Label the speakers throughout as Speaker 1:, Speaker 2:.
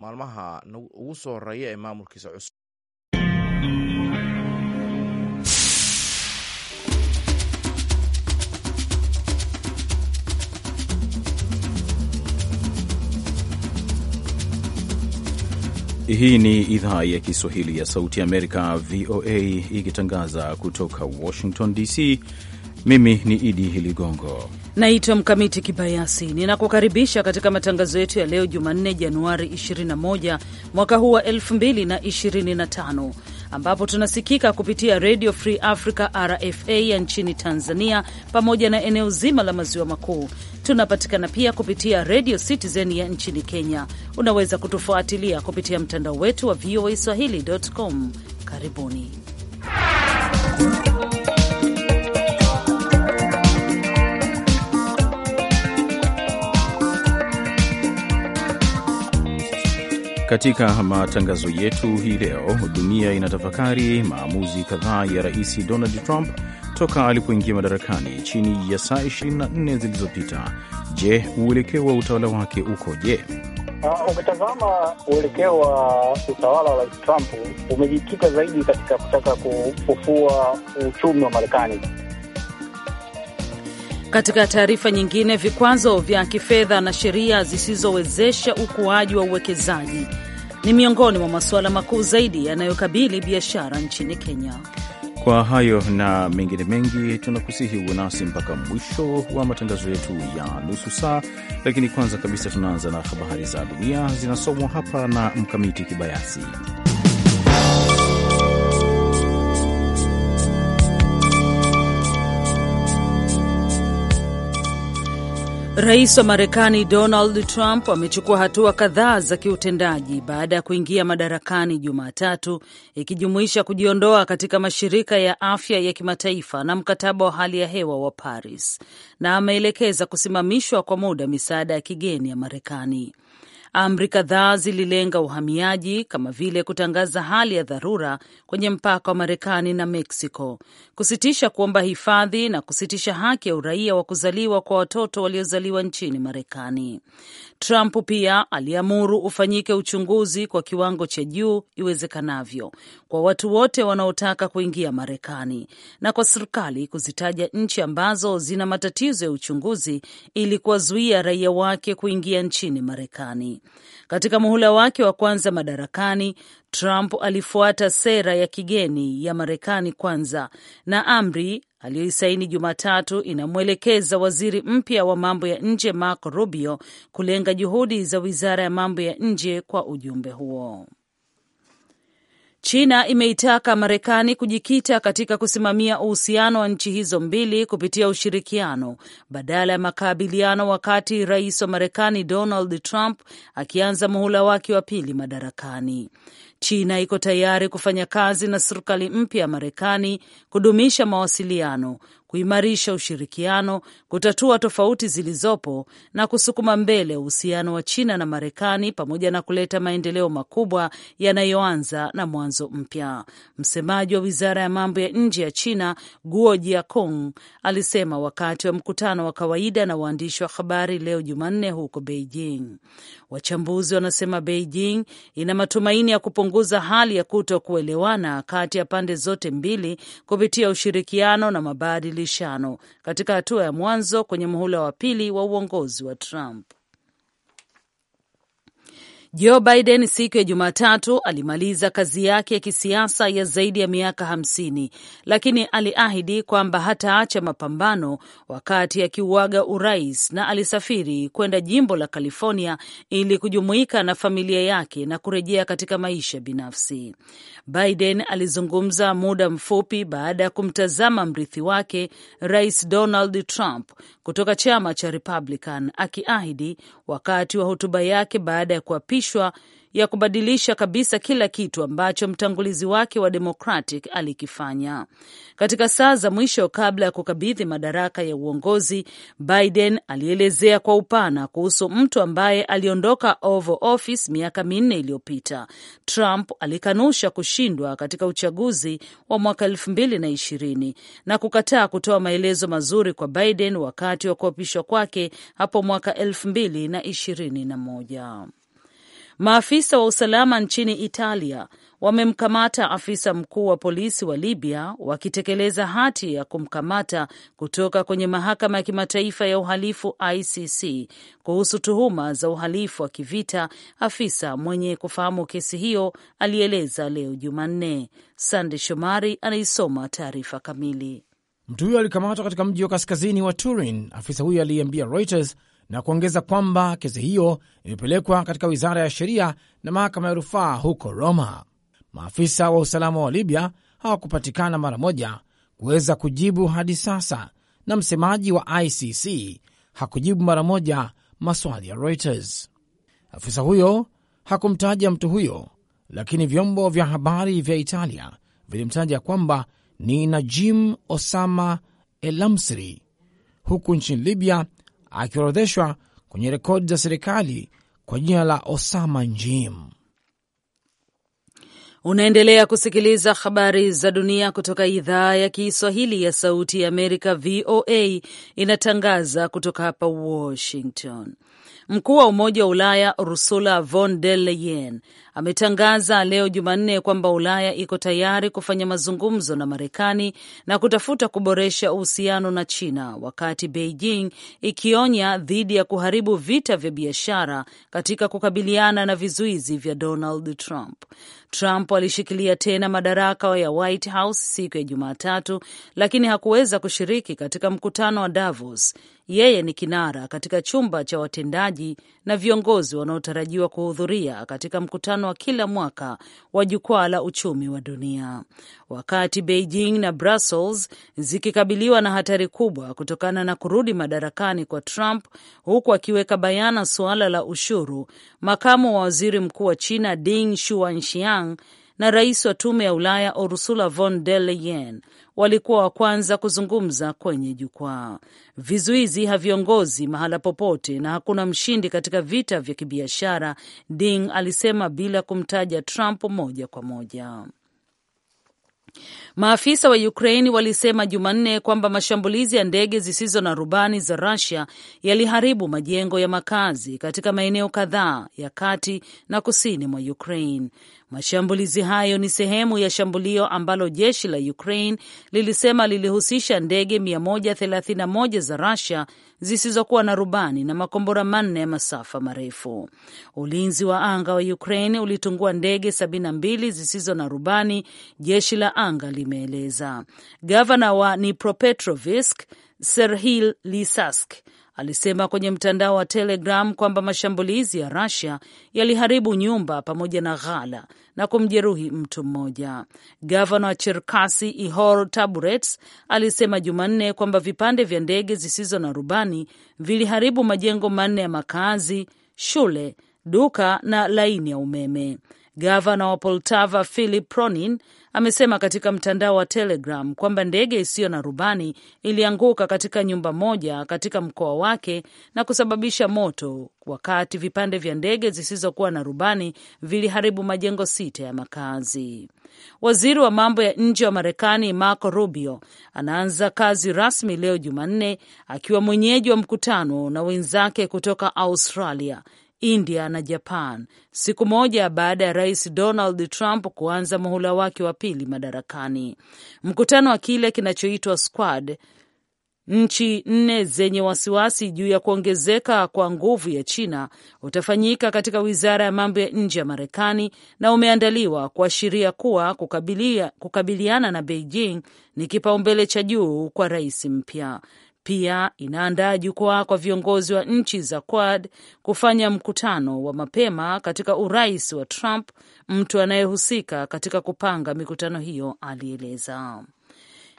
Speaker 1: maalmaha ugu soo horeeya ee maamulkiisa cusub. Hii ni idhaa ya Kiswahili ya Sauti Amerika, VOA, ikitangaza kutoka Washington DC. Mimi ni Idi Hiligongo
Speaker 2: naitwa Mkamiti Kibayasi, ninakukaribisha katika matangazo yetu ya leo Jumanne, Januari 21 mwaka huu wa 2025 ambapo tunasikika kupitia Radio Free Africa RFA ya nchini Tanzania pamoja na eneo zima la maziwa makuu. Tunapatikana pia kupitia Radio Citizen ya nchini Kenya. Unaweza kutufuatilia kupitia mtandao wetu wa VOA Swahili.com. Karibuni
Speaker 1: Katika matangazo yetu hii leo, dunia inatafakari maamuzi kadhaa ya Rais Donald Trump toka alipoingia madarakani chini ya saa 24 zilizopita. Je, uelekeo wa utawala wake ukoje?
Speaker 3: Ah, Ukitazama uelekeo wa utawala wa Rais Trump umejikita zaidi katika kutaka kufufua uchumi wa Marekani.
Speaker 2: Katika taarifa nyingine, vikwazo vya kifedha na sheria zisizowezesha ukuaji wa uwekezaji ni miongoni mwa masuala makuu zaidi yanayokabili biashara nchini Kenya.
Speaker 1: Kwa hayo na mengine mengi, tunakusihi uwe nasi mpaka mwisho wa matangazo yetu ya nusu saa, lakini kwanza kabisa tunaanza na habari za dunia zinasomwa hapa na Mkamiti Kibayasi.
Speaker 2: Rais wa Marekani Donald Trump amechukua hatua kadhaa za kiutendaji baada ya kuingia madarakani Jumatatu, ikijumuisha kujiondoa katika mashirika ya afya ya kimataifa na mkataba wa hali ya hewa wa Paris, na ameelekeza kusimamishwa kwa muda misaada ya kigeni ya Marekani. Amri kadhaa zililenga uhamiaji kama vile kutangaza hali ya dharura kwenye mpaka wa Marekani na Meksiko, kusitisha kuomba hifadhi na kusitisha haki ya uraia wa kuzaliwa kwa watoto waliozaliwa nchini Marekani. Trump pia aliamuru ufanyike uchunguzi kwa kiwango cha juu iwezekanavyo kwa watu wote wanaotaka kuingia Marekani na kwa serikali kuzitaja nchi ambazo zina matatizo ya uchunguzi ili kuwazuia raia wake kuingia nchini Marekani. Katika muhula wake wa kwanza madarakani, Trump alifuata sera ya kigeni ya Marekani kwanza na amri aliyoisaini Jumatatu inamwelekeza waziri mpya wa mambo ya nje Marco Rubio kulenga juhudi za wizara ya mambo ya nje kwa ujumbe huo. China imeitaka Marekani kujikita katika kusimamia uhusiano wa nchi hizo mbili kupitia ushirikiano badala ya makabiliano, wakati rais wa Marekani Donald Trump akianza muhula wake wa pili madarakani. China iko tayari kufanya kazi na serikali mpya ya Marekani kudumisha mawasiliano, kuimarisha ushirikiano, kutatua tofauti zilizopo na kusukuma mbele uhusiano wa China na Marekani pamoja na kuleta maendeleo makubwa yanayoanza na mwanzo mpya. Msemaji wa wizara ya mambo ya nje ya China Guo Jiakong alisema wakati wa mkutano wa kawaida na waandishi wa habari leo Jumanne huko Beijing. Wachambuzi wanasema Beijing ina matumaini ya kupunguza hali ya kuto kuelewana kati ya pande zote mbili kupitia ushirikiano na mabadili mabadilishano katika hatua ya mwanzo kwenye muhula wa pili wa uongozi wa Trump. Joe Biden siku ya Jumatatu alimaliza kazi yake ya kisiasa ya zaidi ya miaka hamsini, lakini aliahidi kwamba hataacha mapambano wakati akiuaga urais, na alisafiri kwenda jimbo la California ili kujumuika na familia yake na kurejea katika maisha binafsi. Biden alizungumza muda mfupi baada ya kumtazama mrithi wake Rais Donald Trump kutoka chama cha Republican akiahidi wakati wa hotuba yake baada ya kuapishwa ya kubadilisha kabisa kila kitu ambacho mtangulizi wake wa Democratic alikifanya katika saa za mwisho kabla ya kukabidhi madaraka ya uongozi. Biden alielezea kwa upana kuhusu mtu ambaye aliondoka Oval Office miaka minne iliyopita. Trump alikanusha kushindwa katika uchaguzi wa mwaka elfu mbili na ishirini na kukataa kutoa maelezo mazuri kwa Biden wakati wa kuapishwa kwake hapo mwaka elfu mbili na ishirini na moja. Maafisa wa usalama nchini Italia wamemkamata afisa mkuu wa polisi wa Libya wakitekeleza hati ya kumkamata kutoka kwenye mahakama ya kimataifa ya uhalifu ICC kuhusu tuhuma za uhalifu wa kivita. Afisa mwenye kufahamu kesi hiyo alieleza leo Jumanne. Sande Shomari anaisoma taarifa kamili.
Speaker 1: Mtu huyo alikamatwa katika mji wa kaskazini wa Turin, afisa huyo aliyeambia Reuters na kuongeza kwamba kesi hiyo imepelekwa katika wizara ya sheria na mahakama ya rufaa huko Roma. Maafisa wa usalama wa Libya hawakupatikana mara moja kuweza kujibu hadi sasa, na msemaji wa ICC hakujibu mara moja maswali ya Reuters. Afisa huyo hakumtaja mtu huyo, lakini vyombo vya habari vya Italia vilimtaja kwamba ni Najim Osama Elamsri, huku nchini Libya akiorodheshwa kwenye rekodi za serikali kwa jina la Osama Njim.
Speaker 2: Unaendelea kusikiliza habari za dunia kutoka idhaa ya Kiswahili ya Sauti ya Amerika, VOA, inatangaza kutoka hapa Washington. Mkuu wa Umoja wa Ulaya Ursula von der Leyen ametangaza leo Jumanne kwamba Ulaya iko tayari kufanya mazungumzo na Marekani na kutafuta kuboresha uhusiano na China, wakati Beijing ikionya dhidi ya kuharibu vita vya biashara katika kukabiliana na vizuizi vya Donald Trump. Trump alishikilia tena madaraka ya White House siku ya Jumatatu, lakini hakuweza kushiriki katika mkutano wa Davos. Yeye ni kinara katika chumba cha watendaji na viongozi wanaotarajiwa kuhudhuria katika mkutano wa kila mwaka wa jukwaa la uchumi wa dunia. Wakati Beijing na Brussels zikikabiliwa na hatari kubwa kutokana na kurudi madarakani kwa Trump, huku akiweka bayana suala la ushuru, makamu wa waziri mkuu wa China Ding Shuanshiang na rais wa tume ya Ulaya Ursula von der Leyen walikuwa wa kwanza kuzungumza kwenye jukwaa. Vizuizi haviongozi mahala popote na hakuna mshindi katika vita vya kibiashara, Ding alisema bila kumtaja Trump moja kwa moja. Maafisa wa Ukraini walisema Jumanne kwamba mashambulizi ya ndege zisizo na rubani za Rusia yaliharibu majengo ya makazi katika maeneo kadhaa ya kati na kusini mwa Ukraine. Mashambulizi hayo ni sehemu ya shambulio ambalo jeshi la Ukraine lilisema lilihusisha ndege 131 za Rusia zisizokuwa na rubani na makombora manne ya masafa marefu. Ulinzi wa anga wa Ukraine ulitungua ndege 72 zisizo na rubani, jeshi la anga imeeleza. Gavana wa nipropetrovisk Serhil Lisask alisema kwenye mtandao wa Telegram kwamba mashambulizi ya Russia yaliharibu nyumba pamoja na ghala na kumjeruhi mtu mmoja. Gavana wa Cherkasi Ihor Taburets alisema Jumanne kwamba vipande vya ndege zisizo na rubani viliharibu majengo manne ya makazi, shule, duka na laini ya umeme. Gavana wa Poltava Philip Pronin amesema katika mtandao wa Telegram kwamba ndege isiyo na rubani ilianguka katika nyumba moja katika mkoa wake na kusababisha moto, wakati vipande vya ndege zisizokuwa na rubani viliharibu majengo sita ya makazi. Waziri wa mambo ya nje wa Marekani Marco Rubio anaanza kazi rasmi leo Jumanne akiwa mwenyeji wa mkutano na wenzake kutoka Australia India na Japan siku moja baada ya rais Donald Trump kuanza muhula wake wa pili madarakani. Mkutano wa kile kinachoitwa Squad, nchi nne zenye wasiwasi juu ya kuongezeka kwa nguvu ya China utafanyika katika wizara ya mambo ya nje ya Marekani na umeandaliwa kuashiria kuwa kukabilia, kukabiliana na Beijing ni kipaumbele cha juu kwa rais mpya. Pia inaandaa jukwaa kwa viongozi wa nchi za Quad kufanya mkutano wa mapema katika urais wa Trump, mtu anayehusika katika kupanga mikutano hiyo alieleza.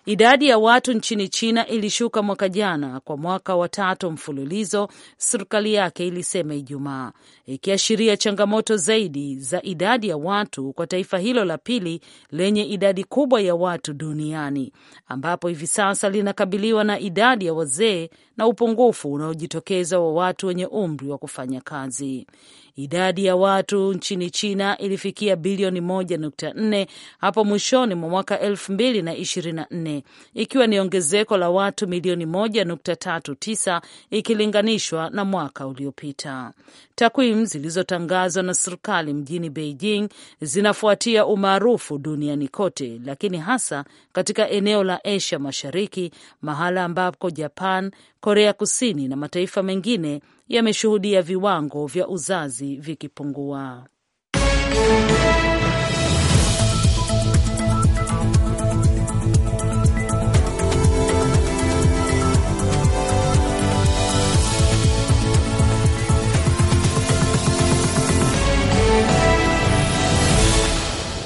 Speaker 2: Idadi ya watu nchini China ilishuka mwaka jana kwa mwaka wa tatu mfululizo, serikali yake ilisema Ijumaa, ikiashiria changamoto zaidi za idadi ya watu kwa taifa hilo la pili lenye idadi kubwa ya watu duniani, ambapo hivi sasa linakabiliwa na idadi ya wazee na upungufu unaojitokeza wa watu wenye umri wa kufanya kazi. Idadi ya watu nchini China ilifikia bilioni 1.4 hapo mwishoni mwa mwaka elfu ikiwa ni ongezeko la watu milioni 1.39 ikilinganishwa na mwaka uliopita. Takwimu zilizotangazwa na serikali mjini Beijing zinafuatia umaarufu duniani kote, lakini hasa katika eneo la Asia Mashariki, mahala ambapo Japan, Korea Kusini na mataifa mengine yameshuhudia viwango vya uzazi vikipungua.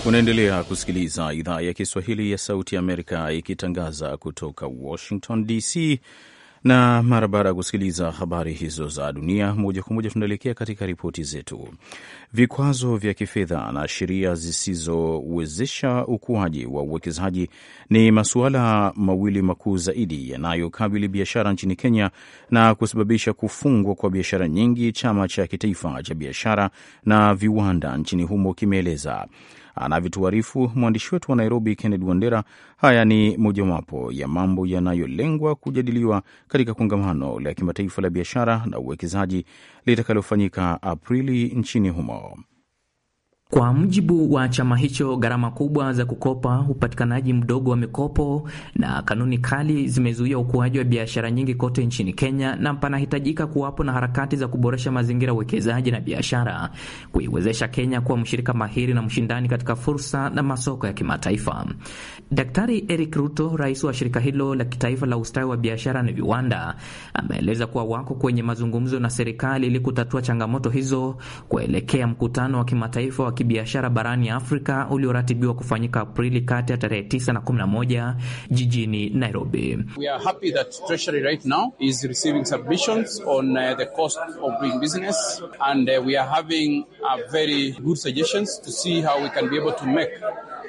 Speaker 1: Unaendelea kusikiliza idhaa ya Kiswahili ya Sauti ya Amerika ikitangaza kutoka Washington DC. Na mara baada ya kusikiliza habari hizo za dunia moja kwa moja, tunaelekea katika ripoti zetu. Vikwazo vya kifedha na sheria zisizowezesha ukuaji wa uwekezaji ni masuala mawili makuu zaidi yanayokabili biashara nchini Kenya na kusababisha kufungwa kwa biashara nyingi, chama cha kitaifa cha biashara na viwanda nchini humo kimeeleza anavyotuarifu mwandishi wetu wa Nairobi, Kennedy Wandera. Haya ni mojawapo ya mambo yanayolengwa kujadiliwa katika kongamano la kimataifa la biashara na uwekezaji litakalofanyika Aprili nchini humo.
Speaker 4: Kwa mujibu wa chama hicho, gharama kubwa za kukopa, upatikanaji mdogo wa mikopo na kanuni kali zimezuia ukuaji wa biashara nyingi kote nchini Kenya, na panahitajika kuwapo na harakati za kuboresha mazingira ya uwekezaji na biashara, kuiwezesha Kenya kuwa mshirika mahiri na mshindani katika fursa na masoko ya kimataifa. Daktari Eric Ruto, rais wa shirika hilo la kitaifa la ustawi wa biashara na viwanda, ameeleza kuwa wako kwenye mazungumzo na serikali ili kutatua changamoto hizo kuelekea mkutano wa kimataifa wa kibiashara barani Afrika ulioratibiwa kufanyika Aprili kati ya tarehe 9 na 11 jijini Nairobi.
Speaker 5: We are happy that Treasury right now is receiving submissions on uh, the cost of doing business and uh, we are having a uh, very good suggestions to see how we can be able to make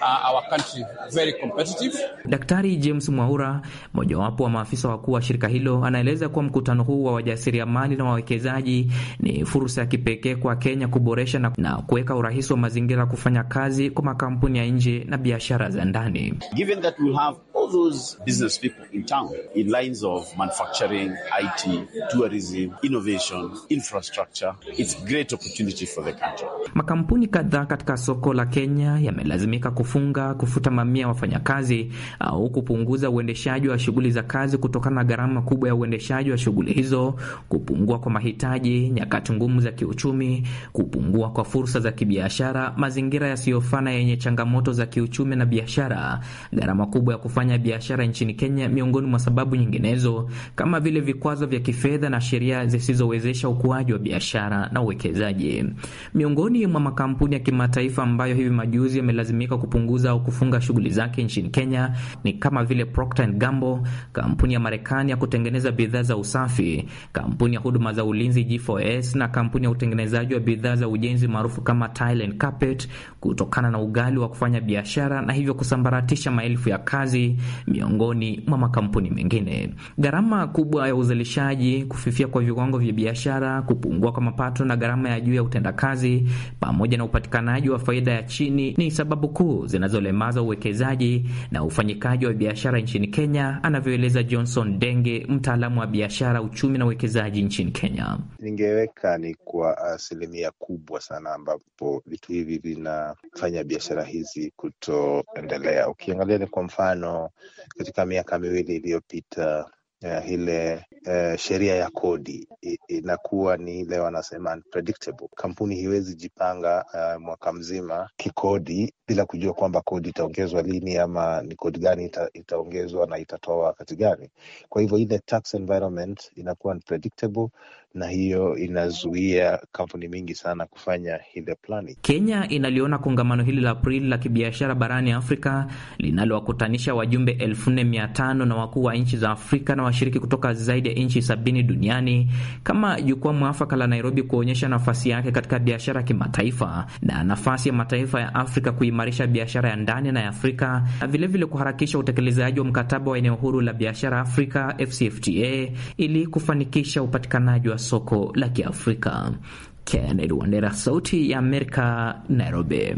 Speaker 5: uh, our country very competitive.
Speaker 4: Daktari James Mwaura, mojawapo wa maafisa wakuu wa shirika hilo, anaeleza kuwa mkutano huu wa wajasiriamali na wawekezaji ni fursa ya kipekee kwa Kenya kuboresha na, na kuweka urahisi wa mazingira ya kufanya kazi kwa makampuni ya nje na biashara za ndani.
Speaker 1: Given that we'll have all those business people in town in lines of manufacturing, IT, tourism, innovation, infrastructure. It's great opportunity for the country.
Speaker 4: Makampuni kadhaa katika soko la Kenya yamelazimika kufunga, kufuta mamia wafanyakazi ah, au kupunguza uendeshaji wa shughuli za kazi kutokana na gharama kubwa ya uendeshaji wa shughuli hizo, kupungua kwa mahitaji nyakati ngumu za kiuchumi, kupungua kwa fursa za kibiashara, mazingira yasiyofana yenye changamoto za kiuchumi na biashara, gharama kubwa ya kufanya kufanya biashara nchini Kenya, miongoni mwa sababu nyinginezo kama vile vikwazo vya kifedha na sheria zisizowezesha ukuaji wa biashara na uwekezaji. Miongoni mwa makampuni ya kimataifa ambayo hivi majuzi yamelazimika kupunguza au kufunga shughuli zake nchini Kenya ni kama vile Procter Gamble, kampuni ya Marekani ya kutengeneza bidhaa za usafi, kampuni ya huduma za ulinzi G4S na kampuni ya utengenezaji wa bidhaa za ujenzi maarufu kama Tile and Carpet, kutokana na ugali wa kufanya biashara na hivyo kusambaratisha maelfu ya kazi miongoni mwa makampuni mengine. Gharama kubwa ya uzalishaji, kufifia kwa viwango vya biashara, kupungua kwa mapato na gharama ya juu ya utendakazi, pamoja na upatikanaji wa faida ya chini ni sababu kuu zinazolemaza uwekezaji na ufanyikaji wa biashara nchini Kenya, anavyoeleza Johnson Denge, mtaalamu wa biashara, uchumi na uwekezaji nchini Kenya.
Speaker 1: Ningeweka ni kwa asilimia kubwa sana, ambapo vitu hivi vinafanya biashara hizi kutoendelea. Ukiangalia ni kwa mfano katika miaka miwili iliyopita uh, ile uh, sheria ya kodi inakuwa ni ile wanasema unpredictable. Kampuni hiwezi jipanga uh, mwaka mzima kikodi bila kujua kwamba kodi itaongezwa lini ama ni kodi gani ita, itaongezwa na itatoa wakati gani. Kwa hivyo ile tax environment inakuwa unpredictable na hiyo inazuia kampuni mingi sana kufanya ile plani.
Speaker 4: Kenya inaliona kongamano hili la Aprili la kibiashara barani Afrika linalowakutanisha wajumbe elfu nne mia tano na wakuu wa nchi za Afrika na washiriki kutoka zaidi ya nchi sabini duniani kama jukwaa mwafaka la Nairobi kuonyesha nafasi yake katika biashara ya kimataifa na nafasi ya mataifa ya Afrika kuimarisha biashara ya ndani na ya Afrika na vilevile kuharakisha utekelezaji wa mkataba wa eneo huru la biashara Afrika, FCFTA, ili kufanikisha upatikanaji wa soko la Kiafrika. Kennedy Wandera, Sauti ya Amerika, Nairobi.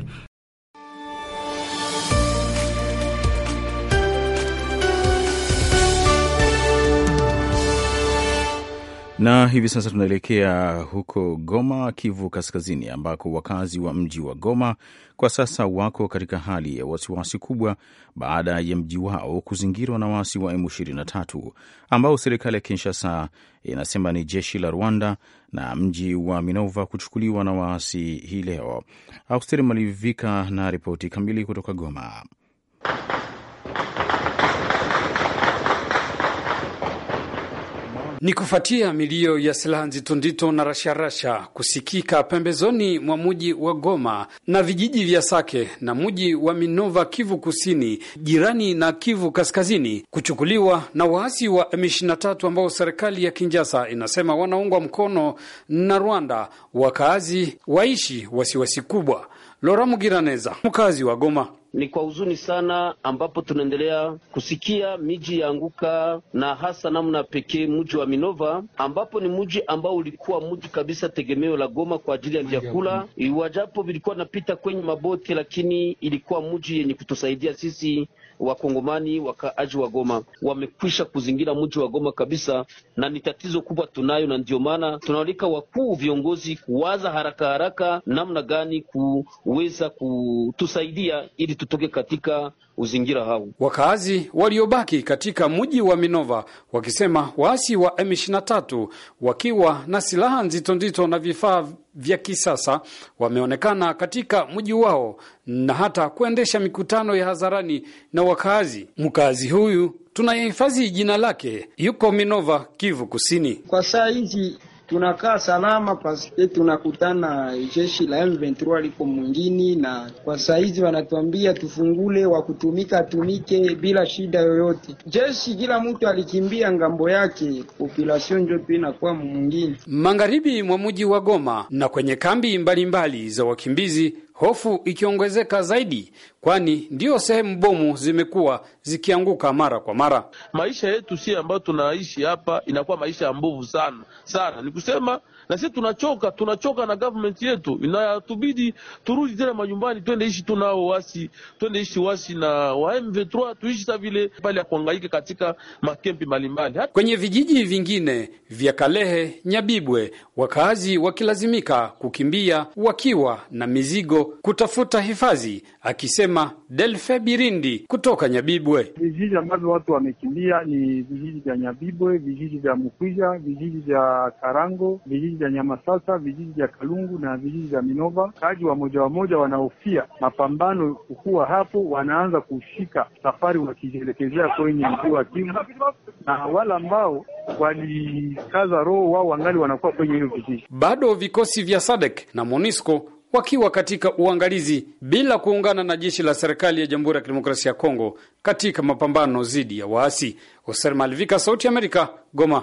Speaker 1: Na hivi sasa tunaelekea huko Goma, Kivu Kaskazini, ambako wakazi wa mji wa Goma kwa sasa wako katika hali ya wasiwasi kubwa baada ya mji wao kuzingirwa na waasi wa M23 ambao serikali ya Kinshasa inasema ni jeshi la Rwanda, na mji wa Minova kuchukuliwa na waasi hii leo. Austeri Malivika na ripoti kamili kutoka Goma.
Speaker 5: Ni kufuatia milio ya silaha nzito nzito na rasharasha kusikika pembezoni mwa muji wa Goma na vijiji vya Sake na muji wa Minova, Kivu Kusini, jirani na Kivu Kaskazini, kuchukuliwa na waasi wa M23 ambao serikali ya kinjasa inasema wanaungwa mkono na Rwanda, wakaazi waishi wasiwasi kubwa. Lora Mugiraneza, mkazi wa Goma ni kwa huzuni sana, ambapo tunaendelea kusikia miji yaanguka na hasa namna pekee mji wa Minova, ambapo ni mji ambao ulikuwa mji kabisa tegemeo la Goma kwa ajili ya vyakula, iwajapo vilikuwa napita kwenye maboti, lakini ilikuwa mji yenye kutusaidia sisi Wakongomani wakaaji wa Goma wamekwisha kuzingira mji wa Goma kabisa, na ni tatizo kubwa tunayo, na ndio maana tunaalika wakuu viongozi kuwaza haraka haraka namna gani kuweza kutusaidia ili tutoke katika uzingira hao. Wakazi waliobaki katika mji wa Minova wakisema waasi wa M23 wakiwa na silaha nzito nzito na vifaa vya kisasa wameonekana katika mji wao na hata kuendesha mikutano ya hadharani na wakazi. Mkazi huyu tunayehifadhi jina lake yuko Minova, Kivu Kusini. Kwa saa hizi
Speaker 3: tunakaa salama paske tunakutana jeshi la M23 liko mwingini, na kwa saizi wanatuambia tufungule wa kutumika atumike bila shida yoyote. Jeshi kila mtu alikimbia ngambo yake, population njo tu inakuwa mwingine
Speaker 5: magharibi mwa mji wa Goma na kwenye kambi mbalimbali mbali za wakimbizi hofu ikiongezeka zaidi, kwani ndiyo sehemu bomu zimekuwa zikianguka mara kwa mara. Maisha yetu si ambayo tunaishi hapa, inakuwa maisha ya mbovu sana sana, ni kusema na sisi tunachoka, tunachoka na government yetu, inatubidi turudi tena majumbani, twende ishi tu nao wasi, twende ishi wasi na wa M23, tuishi sa vile pale ya katika makempi mbalimbali. Kwenye vijiji vingine vya Kalehe, Nyabibwe, wakazi wakilazimika kukimbia wakiwa na mizigo kutafuta hifadhi, akisema Delfe Birindi kutoka Nyabibwe. Vijiji ambavyo watu wamekimbia ni vijiji vya Nyabibwe, vijiji vya Mukwija, vijiji vya Karango, vijiji vya Nyamasasa, vijiji vya Kalungu na vijiji vya Minova. Kaji wamoja wamoja wanaofia mapambano kuwa hapo, wanaanza kushika safari wakijielekezea kwenye mkuu wa Kivu, na wale ambao walikaza roho wao wangali wanakuwa kwenye hiyo vijiji. Bado vikosi vya sadek na MONUSCO wakiwa katika uangalizi bila kuungana na jeshi la serikali ya Jamhuri ya Kidemokrasia ya Kongo katika mapambano dhidi ya waasi. Hoser Sauti ya Amerika, Goma.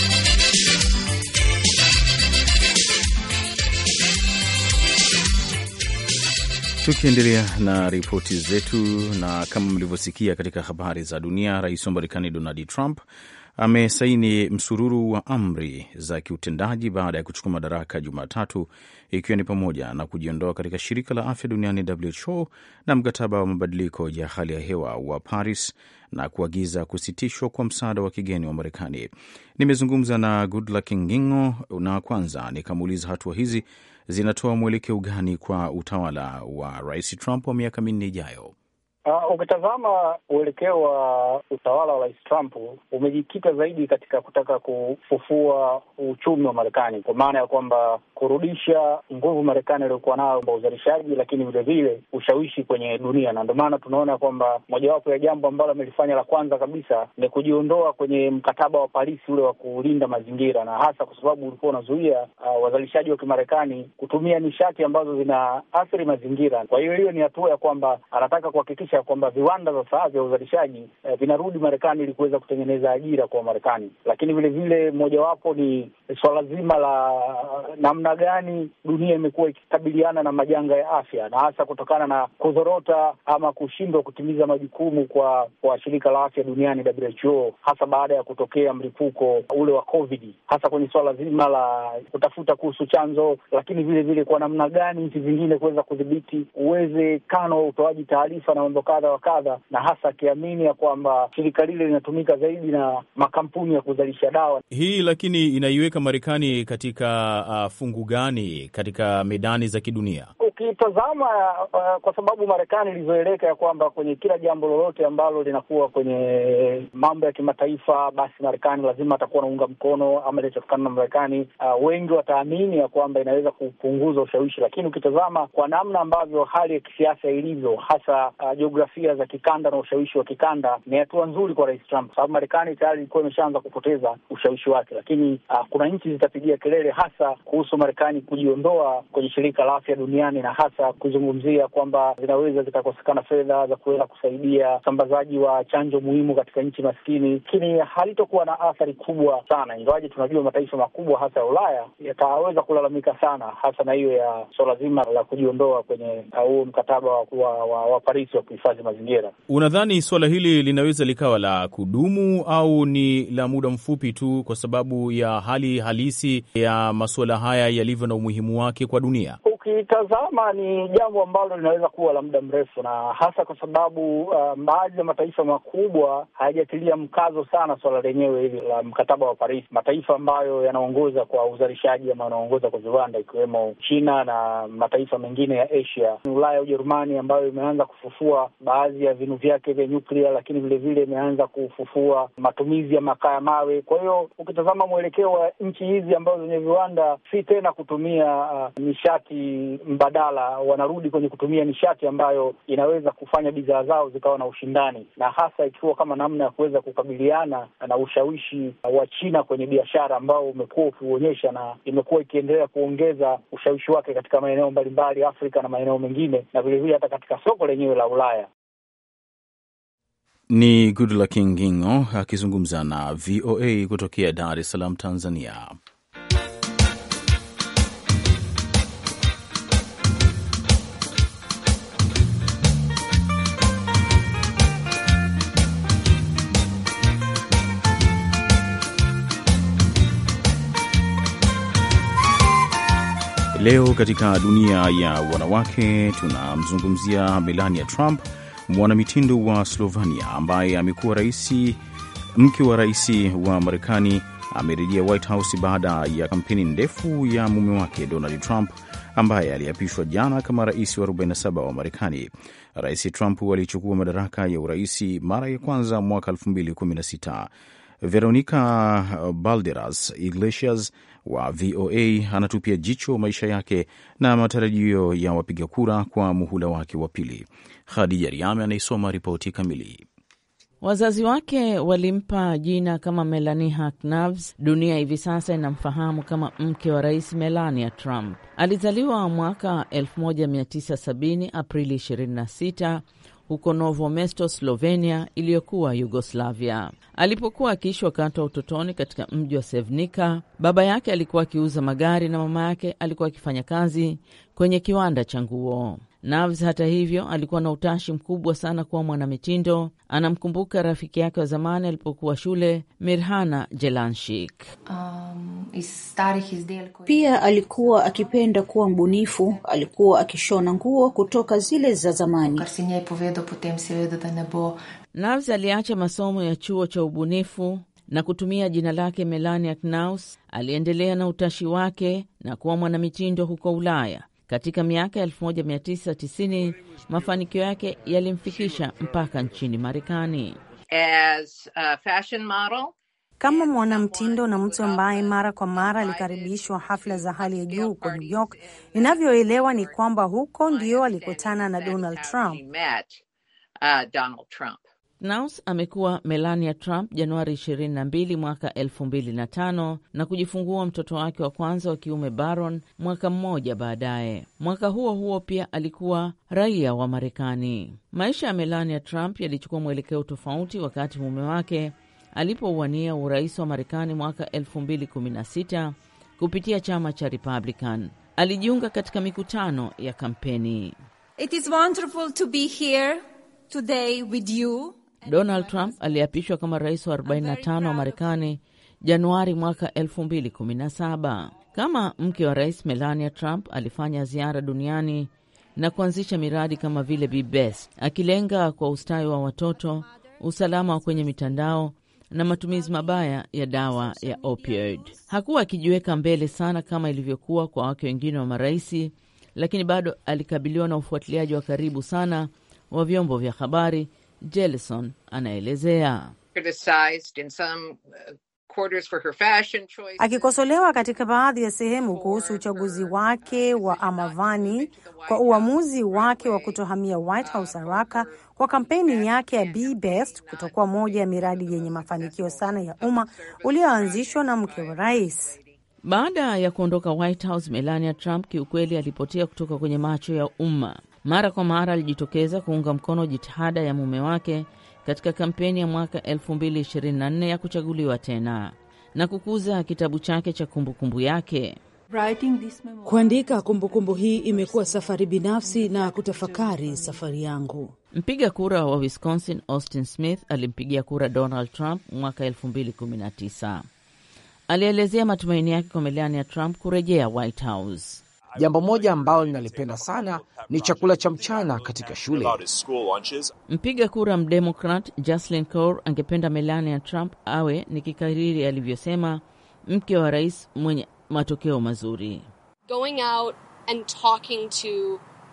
Speaker 1: Tukiendelea na ripoti zetu, na kama mlivyosikia katika habari za dunia, rais wa Marekani Donald Trump amesaini msururu wa amri za kiutendaji baada ya kuchukua madaraka Jumatatu, ikiwa ni pamoja na kujiondoa katika shirika la afya duniani WHO na mkataba wa mabadiliko ya hali ya hewa wa Paris na kuagiza kusitishwa kwa msaada wa kigeni wa Marekani. Nimezungumza na Goodluck Ngingo na kwanza nikamuuliza hatua hizi zinatoa mwelekeo gani kwa utawala wa Rais Trump wa miaka minne ijayo? Uh,
Speaker 3: ukitazama uelekeo wa utawala wa Rais Trump umejikita zaidi katika kutaka kufufua uchumi wa Marekani, kwa maana ya kwamba kurudisha nguvu Marekani aliyokuwa nayo kwa uzalishaji, lakini vilevile ushawishi kwenye dunia, na ndio maana tunaona kwamba mojawapo ya jambo ambalo amelifanya la kwanza kabisa ni kujiondoa kwenye mkataba wa Paris ule wa kulinda mazingira, na hasa kwa sababu ulikuwa unazuia uh, wazalishaji wa Kimarekani kutumia nishati ambazo zina athiri mazingira. Kwa hiyo hiyo ni hatua ya kwamba anataka kuhakikisha kuhakikisha kwamba viwanda sasa vya uzalishaji eh, vinarudi Marekani ili kuweza kutengeneza ajira kwa Marekani. Lakini vilevile mojawapo ni swala zima la namna gani dunia imekuwa ikikabiliana na majanga ya afya, na hasa kutokana na kuzorota ama kushindwa kutimiza majukumu kwa kwa shirika la afya duniani WHO, hasa baada ya kutokea mlipuko ule wa COVID, hasa kwenye swala zima la kutafuta kuhusu chanzo, lakini vilevile kwa namna gani nchi zingine kuweza kudhibiti uwezekano wa utoaji taarifa na mambo mambo kadha wa kadha, na hasa akiamini ya kwamba shirika lile linatumika zaidi na makampuni ya kuzalisha dawa
Speaker 1: hii. Lakini inaiweka Marekani katika uh, fungu gani katika medani za kidunia?
Speaker 3: Ukitazama uh, kwa sababu Marekani ilizoeleka ya kwamba kwenye kila jambo lolote ambalo linakuwa kwenye mambo ya kimataifa, basi Marekani lazima atakuwa naunga mkono ama itatokana na Marekani. Uh, wengi wataamini ya kwamba inaweza kupunguza ushawishi, lakini ukitazama kwa namna ambavyo hali ya kisiasa ilivyo hasa uh, jiografia za kikanda na ushawishi wa kikanda ni hatua nzuri kwa Rais Trump, sababu Marekani tayari ilikuwa imeshaanza kupoteza ushawishi wake, lakini uh, kuna nchi zitapigia kelele hasa kuhusu Marekani kujiondoa kwenye shirika la afya duniani na hasa kuzungumzia kwamba zinaweza zikakosekana fedha za kuweza kusaidia usambazaji wa chanjo muhimu katika nchi maskini, lakini halitokuwa na athari kubwa sana, ingawaje tunajua mataifa makubwa hasa ya Ulaya yataweza kulalamika sana, hasa na hiyo ya swala so zima la kujiondoa kwenye ah, huo mkataba wa, wa, wa Paris wa kuhifadhi mazingira.
Speaker 1: Unadhani suala hili linaweza likawa la kudumu au ni la muda mfupi tu, kwa sababu ya hali halisi ya masuala haya yalivyo na umuhimu wake kwa dunia?
Speaker 3: ukitazama ni jambo ambalo linaweza kuwa la muda mrefu, na hasa kwa sababu uh, baadhi ya mataifa makubwa hayajatilia mkazo sana swala lenyewe hili la mkataba wa Paris. Mataifa ambayo yanaongoza kwa uzalishaji ama yanaongoza kwa viwanda ikiwemo China na mataifa mengine ya Asia, Ulaya, Ujerumani ambayo imeanza kufufua baadhi ya vinu vyake vya nyuklia, lakini vilevile imeanza kufufua matumizi ya makaa ya mawe. Kwa hiyo ukitazama mwelekeo wa nchi hizi ambazo zenye viwanda si tena kutumia uh, nishati mbadala, wanarudi kwenye kutumia nishati ambayo inaweza kufanya bidhaa zao zikawa na ushindani, na hasa ikiwa kama namna ya kuweza kukabiliana na ushawishi wa China kwenye biashara ambao umekuwa ukiuonyesha na imekuwa ikiendelea kuongeza ushawishi wake katika maeneo mbalimbali Afrika na maeneo mengine, na vilevile hata katika soko lenyewe la Ulaya.
Speaker 1: Ni Goodluck Ngingo akizungumza na VOA kutokea Dar es Salaam, Tanzania. Leo katika dunia ya wanawake tunamzungumzia Melania Trump, mwanamitindo wa Slovenia ambaye amekuwa raisi, mke wa rais wa Marekani. Amerejea White House baada ya kampeni ndefu ya mume wake Donald Trump ambaye aliapishwa jana kama rais wa 47 wa Marekani. Rais Trump alichukua madaraka ya uraisi mara ya kwanza mwaka 2016. Veronica Balderas Iglesias wa VOA anatupia jicho maisha yake na matarajio ya wapiga kura kwa muhula wake wa pili. Khadija Riame anaisoma ripoti kamili.
Speaker 6: Wazazi wake walimpa jina kama melani Harknavs. Dunia hivi sasa inamfahamu kama mke wa rais Melania Trump. Alizaliwa mwaka 1970 Aprili 26 huko Novo Mesto, Slovenia iliyokuwa Yugoslavia. Alipokuwa akiishi wakati wa utotoni katika mji wa Sevnica, baba yake alikuwa akiuza magari na mama yake alikuwa akifanya kazi kwenye kiwanda cha nguo. Navs hata hivyo alikuwa na utashi mkubwa sana kuwa mwanamitindo. Anamkumbuka rafiki yake wa zamani alipokuwa shule, Mirhana Jelanshik. Um, pia alikuwa akipenda kuwa mbunifu. Alikuwa akishona nguo kutoka zile za zamani. Navs aliacha masomo ya chuo cha ubunifu na kutumia jina lake Melania Knaus. Aliendelea na utashi wake na kuwa mwanamitindo huko Ulaya katika miaka 1990 mafanikio yake yalimfikisha mpaka nchini Marekani. kama mwanamtindo na mtu ambaye mara kwa mara alikaribishwa
Speaker 2: hafla za hali ya juu huko New York. Ninavyoelewa ni kwamba huko ndio alikutana na Donald
Speaker 6: Trump. Knaus amekuwa Melania Trump Januari 22 mwaka 2005 na kujifungua mtoto wake wa kwanza wa kiume Baron mwaka mmoja baadaye. Mwaka huo huo pia alikuwa raia wa Marekani. Maisha ya Melania Trump yalichukua mwelekeo tofauti wakati mume wake alipouania urais wa Marekani mwaka 2016 kupitia chama cha Republican. Alijiunga katika mikutano ya kampeni.
Speaker 5: It is wonderful to be here today with you
Speaker 6: Donald Trump aliapishwa kama rais wa 45 wa Marekani Januari mwaka 2017. Kama mke wa rais Melania Trump alifanya ziara duniani na kuanzisha miradi kama vile Be Best, akilenga kwa ustawi wa watoto, usalama wa kwenye mitandao na matumizi mabaya ya dawa ya opioid. Hakuwa akijiweka mbele sana kama ilivyokuwa kwa wake wengine wa maraisi, lakini bado alikabiliwa na ufuatiliaji wa karibu sana wa vyombo vya habari Jellison anaelezea.
Speaker 4: Uh,
Speaker 6: Akikosolewa katika baadhi ya sehemu
Speaker 2: kuhusu uchaguzi wake wa Amavani kwa uamuzi wake wa kutohamia White House haraka, kwa kampeni yake ya Be Best kutokuwa moja ya miradi yenye mafanikio sana ya umma ulioanzishwa na mke wa rais.
Speaker 6: Baada ya kuondoka White House, Melania Trump kiukweli alipotea kutoka kwenye macho ya umma. Mara kwa mara alijitokeza kuunga mkono jitihada ya mume wake katika kampeni ya mwaka 2024 ya kuchaguliwa tena na kukuza kitabu chake cha kumbukumbu yake.
Speaker 2: Kuandika kumbukumbu hii imekuwa safari binafsi na kutafakari safari yangu.
Speaker 6: Mpiga kura wa Wisconsin Austin Smith alimpigia kura Donald Trump mwaka 2019. Alielezea matumaini yake kwa Melania Trump kurejea White House. Jambo moja ambalo ninalipenda sana ni chakula cha mchana katika shule. Mpiga kura mdemokrat Jocelyn Cor angependa Melania Trump awe ni kikariri alivyosema, mke wa rais mwenye matokeo mazuri.
Speaker 2: Going out and talking to,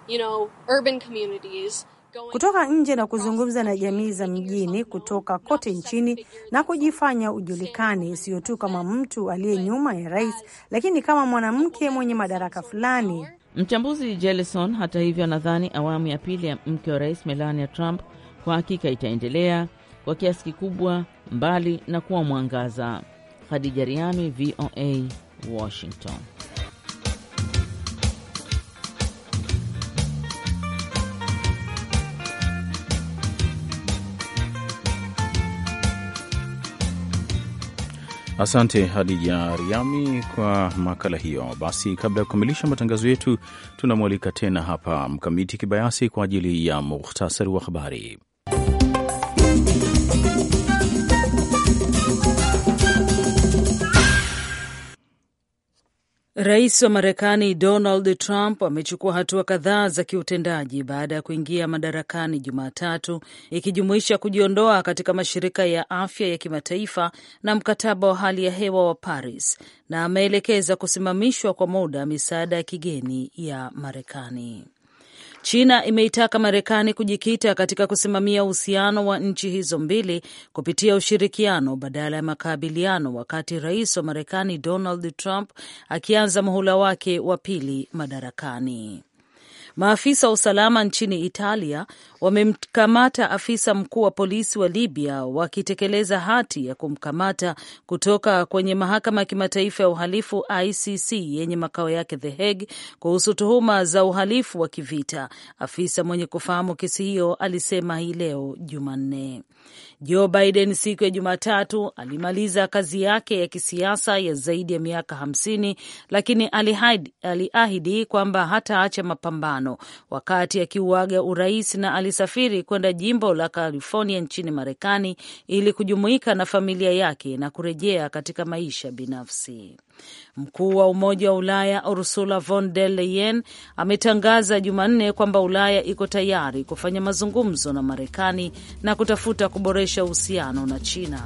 Speaker 2: you know, urban communities kutoka nje na kuzungumza na jamii za mjini kutoka kote nchini na kujifanya ujulikani sio tu kama mtu aliye nyuma ya rais, lakini kama mwanamke mwenye madaraka fulani.
Speaker 6: Mchambuzi Jellison, hata hivyo, anadhani awamu ya pili ya mke wa rais Melania Trump kwa hakika itaendelea kwa kiasi kikubwa, mbali na kuwa mwangaza. Khadija Riami, VOA, Washington.
Speaker 1: Asante Hadija Riami kwa makala hiyo. Basi, kabla ya kukamilisha matangazo yetu, tunamwalika tena hapa Mkamiti Kibayasi kwa ajili ya muhtasari wa habari.
Speaker 2: Rais wa Marekani Donald Trump amechukua hatua kadhaa za kiutendaji baada ya kuingia madarakani Jumatatu, ikijumuisha kujiondoa katika mashirika ya afya ya kimataifa na mkataba wa hali ya hewa wa Paris, na ameelekeza kusimamishwa kwa muda misaada ya kigeni ya Marekani. China imeitaka Marekani kujikita katika kusimamia uhusiano wa nchi hizo mbili kupitia ushirikiano badala ya makabiliano, wakati rais wa Marekani Donald Trump akianza muhula wake wa pili madarakani. Maafisa wa usalama nchini Italia wamemkamata afisa mkuu wa polisi wa Libya wakitekeleza hati ya kumkamata kutoka kwenye mahakama ya kimataifa ya uhalifu ICC yenye makao yake The Hague kuhusu tuhuma za uhalifu wa kivita. Afisa mwenye kufahamu kesi hiyo alisema hii leo Jumanne. Joe Biden siku ya Jumatatu alimaliza kazi yake ya kisiasa ya zaidi ya miaka hamsini, lakini aliahidi kwamba hataacha mapambano tano wakati akiuaga urais na alisafiri kwenda jimbo la California nchini Marekani ili kujumuika na familia yake na kurejea katika maisha binafsi. Mkuu wa Umoja wa Ulaya Ursula von der Leyen ametangaza Jumanne kwamba Ulaya iko tayari kufanya mazungumzo na Marekani na kutafuta kuboresha uhusiano na China.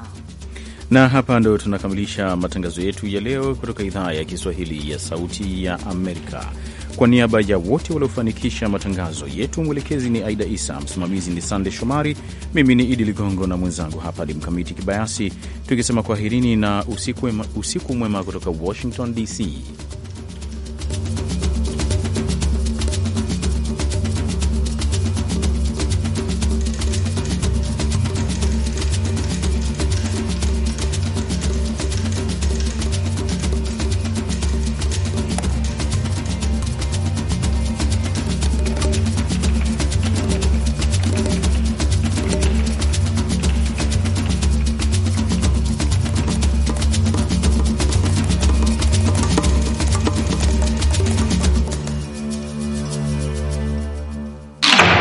Speaker 1: Na hapa ndo tunakamilisha matangazo yetu ya leo kutoka idhaa ya Kiswahili ya Sauti ya Amerika. Kwa niaba ya wote waliofanikisha matangazo yetu, mwelekezi ni Aida Isa, msimamizi ni Sande Shomari, mimi ni Idi Ligongo na mwenzangu hapa ni Mkamiti Kibayasi, tukisema kwaherini na usiku mwema, usiku mwema kutoka Washington DC.